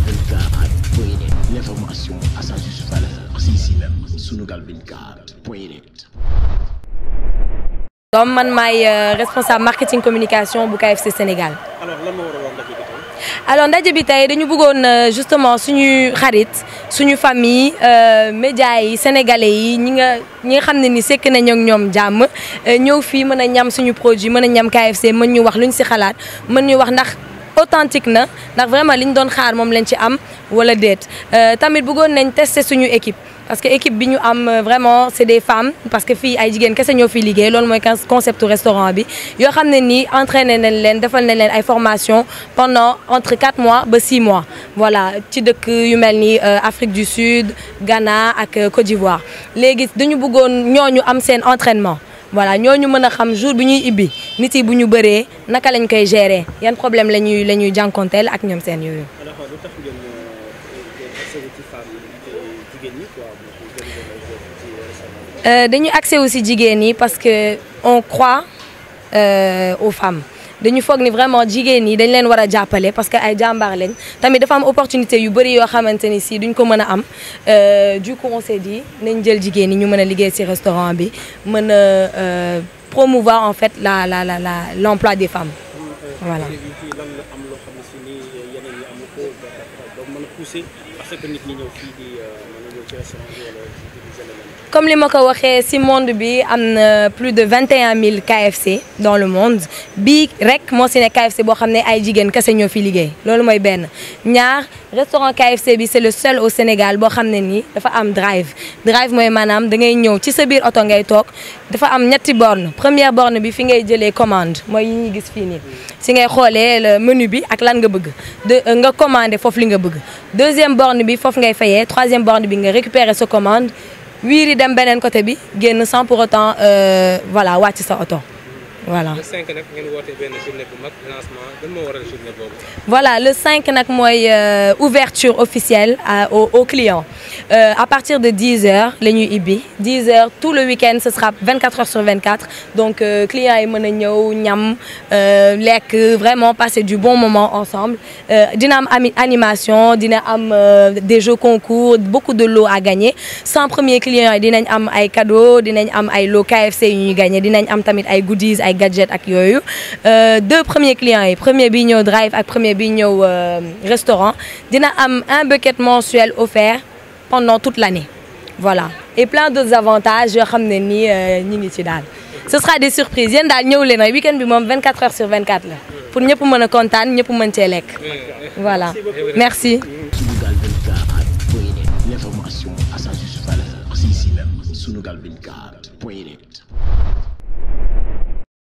sunugal24.net l'information à sa juste doom man maay euh, responsable marketing communication bu KFC Sénégal alors ndaje bi tey dañu bëggoon euh, justement suñuy xarit suñu famille euh, médias yi sénégalais yi ñi nga ñu nga xam ne ni sekk nañ ak ñoom jàmm ñëw fii mën a ñam suñu produit mën a ñam KFC mën ñu wax lu ñu ci xalaat mën ñu wax ndax authentique na ndax vraiment li ñu doon xaar moom lañ ci am wala déet euh, tamit bëggoon nañ tester suñu équipe. parce que équipe bi ñu am euh, vraiment c'est des femmes parce que fii ay jigéen kese ñoo fi liggéey loolu mooy concept restaurant bi yoo xam ne nii entraîné nañ leen defal nañ leen ay formation pendant entre 4 mois ba 6 mois voilà ci dëkk yu mel ni euh, Afrique du Sud Ghana ak Côte d'Ivoire léegi dañu bëggoon ñooñu am seen entraînement voilà ñu mën a xam jour bi ñuy ibbi nit yi bu ñu bëree naka lañ koy gérer yan problème la ñuy la ñuy ak ñoom seen yooyu. dañuy euh, accès aussi euh, jigéen ñi parce que on croit au euh, aux dañu foog ni vraiment jigéen ñi dañ leen war a jàppale parce que ay jàmbaar lañ tamit dafa am opportunité yu bëri yoo xamante ni si duñ ko mën a am euh, du coup on s'est nañ jël jigéen ñi ñu mën a liggéey ci restaurant bi mën a euh, promouvoir en fait la la la la l'emploi des femmes voilà. parce que nit comme li ma ko waxee ci monde bi am na plus de vingt et un mille KFC dans le monde bi rek moo si ne KFC boo xam ne ay jigéen kese ñoo fi liggéey loolu mooy benn ñaar restaurant KFC bi c'est le seul au Sénégal boo xam ne nii dafa am drive drive mooy maanaam da ngay ñëw ci sa biir oto ngay toog dafa am ñetti borne première borne bi fi ngay jëlee commande mooy yi gis fii si ngay xoolee le menu bi ak lan nga bëgg de euh, nga commandé foofu li nga bëgg deuxième borne bi foofu ngay fayee troisième borne bi nga récupérer sa commande wiiri dem beneen côté bi génn sans pour autant euh, voilà wàcc sa oto. voilà le 5 nag ngeen voilà le 5 nag mooy euh, ouverture officielle à, aux aux clients euh, à partir de 10h la ñuy ibbi 10h tout le week-end ce sera 24h sur 24 donc euh, clients yi mën a ñëw ñam euh, lekk vraiment passer du bon moment ensemble euh, dina am ami animation dina am des jeux concours beaucoup de lots à gagner 100 premiers clients yi dinañ am ay cadeaux dinañ am ay lots KFC yu ñuy gagner dinañ am tamit ay goodies. ay gadget ak yooyu euh, deux premiers clients yi premier bi ñëw drive ak premier bi ñëw euh, restaurant dina am un bucket mensuel offert pendant toute l'année voilà et plein d'autres avantages yoo xam ne nii euh, ñi ngi ci daal ce sera des surprises yéen daal ñëw leen rek week-end bi moom 24 heures sur 24 la pour ñëpp mën a kontaan ñëpp mën cee lekk voilà merci.